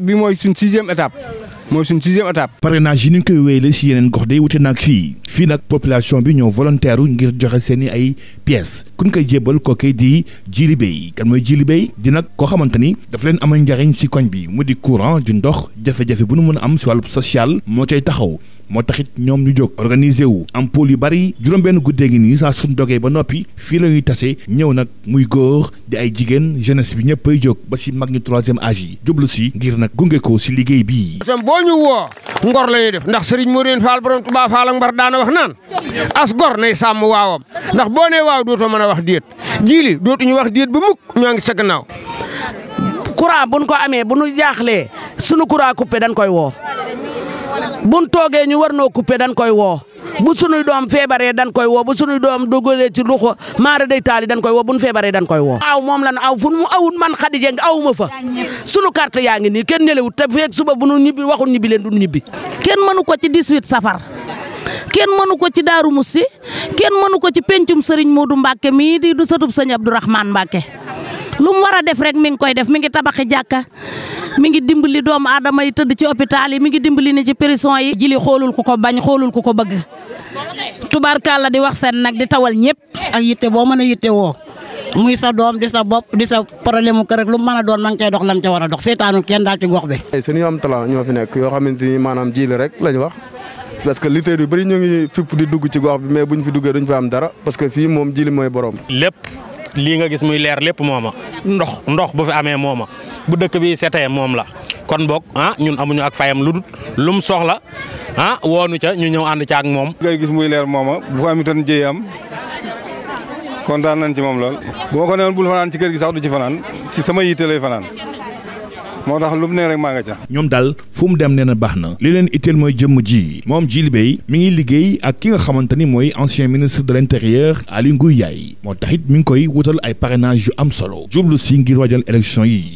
bi mooy suñ sixième étape mooy suñ sixième étape. parrainage yi ni ñu koy wéyale si yeneen gox day wute nag fii fii nag population bi ñoo volontaire ngir joxe seen i ay pièces ku ñu koy jébbal kooku di jili bay kan mooy jili bay di nag koo xamante ni dafa leen amal njariñ si koñ bi mu di courant di ndox jafe-jafe bu nu mën a am si wàllu social moo cay taxaw. moo taxit ñoom ñu jóg organiser wu am pôle yu bari juróom-benn guddee ngi nii saa suñ dogee ba noppi fii la ñuy tase ñëw nag muy góor di ay jigéen jeunesse bi ñëpp ay jóg ba si mag ñu troisième âge jublu si ngir nag gunge ko si liggéey bii. tam boo ñu woo ngor la ñuy def ndax Serigne Mourine Fall borom Touba Fall ak Mbar daana wax naan as gor nay sàmm waawam ndax boo nee waaw dootoo mën a wax déet jiili dootuñu wax déet ba mukk ñoo ngi sa gannaaw. bu buñ ko amee bu ñu jaaxlee sunu courant coupé dañ koy woo. buñ toogee ñu war noo coupé dañ koy woo bu sunuy doom feebaree dañ koy woo bu sunuy doom dugalee ci luxo maara day taali dañ koy woo bun feebaree dañ koy woo aw moom lan aw fu mu awut man Khady Dieng aw ma fa sunu carte yaa ngi nii kenn nelewut te feeg suba bu nu ñibbi waxul ñibbi leen duñ ñibbi kenn mënu ko ci 18 safar kenn mënu ko ci Daaru si kenn mënu ko ci pencum Serigne Modou mbake mii di du satub sëñ Abdourahmane mbake lu mu war a def rek mi ngi koy def mi ngi tabaxi jàkka mi ngi dimbali doomu aadama yi tëdd ci hôpital yi mi ngi dimbali ne ci prison yi. jili xoolul ku ko bañ xoolul ko ko bëgg tubaarkàlla di wax seen nag di tawal ñëpp. ak yitte boo mën a yitte woo muy sa doom di sa bopp di sa problème mu kër rek lu mu a doon ma ngi cay dox lam ca war a dox seetaanu kenn daal ci gox bi. suñu am talent ñoo fi nekk yoo xamante ni maanaam jiile rek lañ wax parce que lutteurs yu bëri ñu ngi fipp di dugg ci gox bi mais buñ fi duggee duñ fi am dara parce que fii moom jili mooy borom. lépp. lii nga gis muy leer lépp mooma ndox ndox bu fi amee mooma bu dëkk bi setee moom la kon boog ah ñun amuñu ak fayam lu dul lum soxla ah woonu ca ñu ñëw ànd ca ak moom. ngay gis muy leer mooma bu fa am itam jëy am kontaan nañ ci moom lool bu ma ko newoon bul fanaan ci kër gi sax du ci fanaan ci sama yitte fanaan. moo tax lu mu ne rek maa nga ca ñoom daal fu mu dem nee baax na li leen itteel mooy jëmm ji moom Djiby Bey mi ngi liggéey ak ki nga xamante ni mooy ancien ministre de l'intérieur ali nguy Ndiaye moo taxit it mi ngi koy wutal ay parrainage yu am solo jublu si ngir waajal élection yi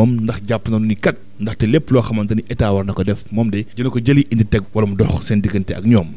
moom ndax jàpp na nañu ni kat ndaxte lépp loo xamante ni état war na ko def moom de dina ko jëli indi teg wala mu dox seen diggante ak ñoom